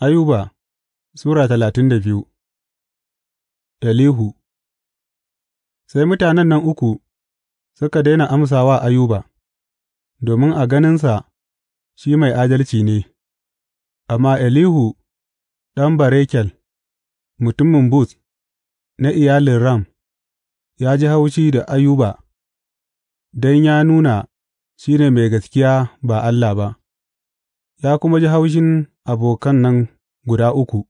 Ayuba Sura talatin da biyu Elihu Sai mutanen nan uku suka daina amsa wa Ayuba, domin a ganinsa shi mai adalci ne, amma Elihu ɗan Barekel, mutumin bus na iyalin Ram, ya ji haushi da Ayuba don ya nuna shi ne mai gaskiya ba Allah ba. ya kuma ji haushin abokan nan guda uku,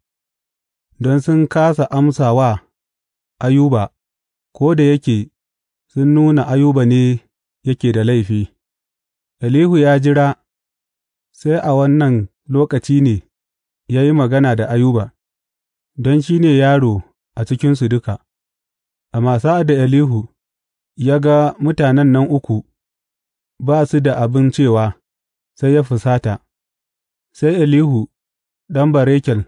don sun kasa amsa wa Ayuba, ko da yake sun nuna Ayuba ne yake da laifi, Elihu ya jira sai a wannan lokaci ne ya yi magana da Ayuba, don shi ne yaro a cikinsu duka, amma sa'ad da Elihu ya ga mutanen nan uku ba su da abin cewa, sai ya fusata. Sai Elihu ɗan barekel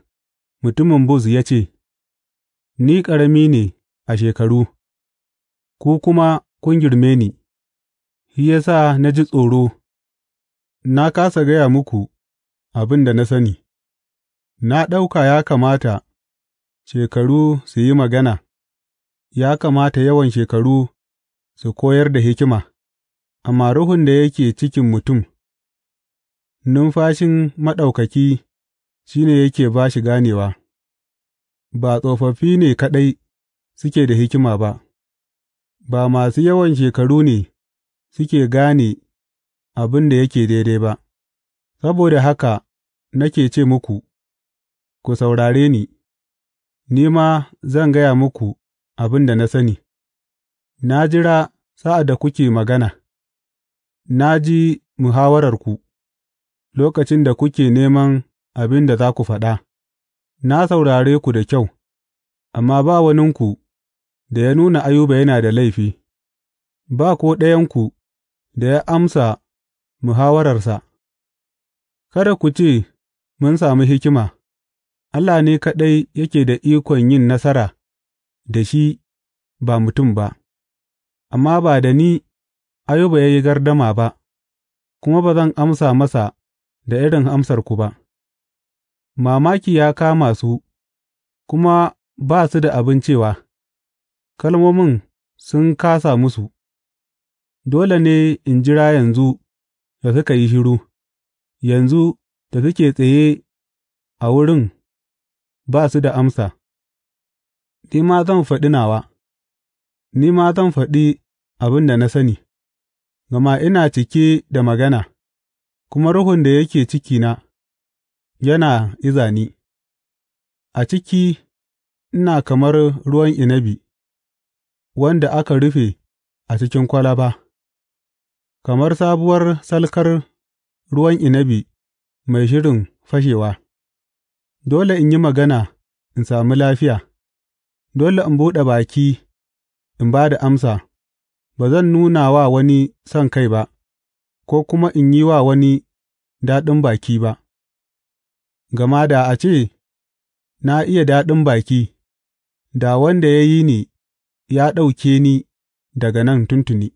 mutumin Buz ya ce, Ni ƙarami ne a shekaru, ku kuma kun girme ni, shi ya sa na ji tsoro, na kasa gaya muku abin da na sani, na ɗauka ya kamata shekaru su yi magana, ya kamata yawan shekaru su koyar da hikima, amma ruhun da yake cikin mutum. Numfashin Maɗaukaki shi ne yake ba shi ganewa, ba tsofaffi ne kaɗai suke da hikima ba, ba masu yawan shekaru ne suke gane abin da yake daidai ba, saboda haka nake ce muku, ku saurare ni, ni ma zan gaya muku abin da na sani, na jira sa'ad da kuke magana, na ji muhawararku. lokacin da kuke neman abin da za ku faɗa, na saurare ku da kyau, amma ba waninku da ya nuna Ayuba yana da laifi, ba ko ɗayanku da ya amsa muhawararsa, kada ku ce mun sami hikima, Allah ne kaɗai yake da ikon yin nasara da shi ba mutum ba, amma ba da ni Ayuba ya yi gardama ba, kuma ba zan amsa masa da irin amsarku ba, mamaki ya kama su, kuma ba su da abin cewa, kalmomin sun kasa musu, dole ne in jira yanzu da suka yi shiru, yanzu da suke tsaye a wurin ba su da amsa, ni ma zan faɗi nawa, ni ma zan faɗi abin da na sani, gama ina cike da magana. kuma ruhun da yake cikina yana iza ni; a ciki ina kamar ruwan inabi wanda aka rufe a cikin kwalaba, kamar sabuwar salkar ruwan inabi mai shirin fashewa; dole in yi magana in sami lafiya, dole in buɗe baki in ba da amsa; ba zan nuna wa wani son kai ba. ko kuma in yi wa wani daɗin baki ba, gama da a ce na iya daɗin baki, da wanda ya yi ni ya ɗauke ni daga nan tuntuni.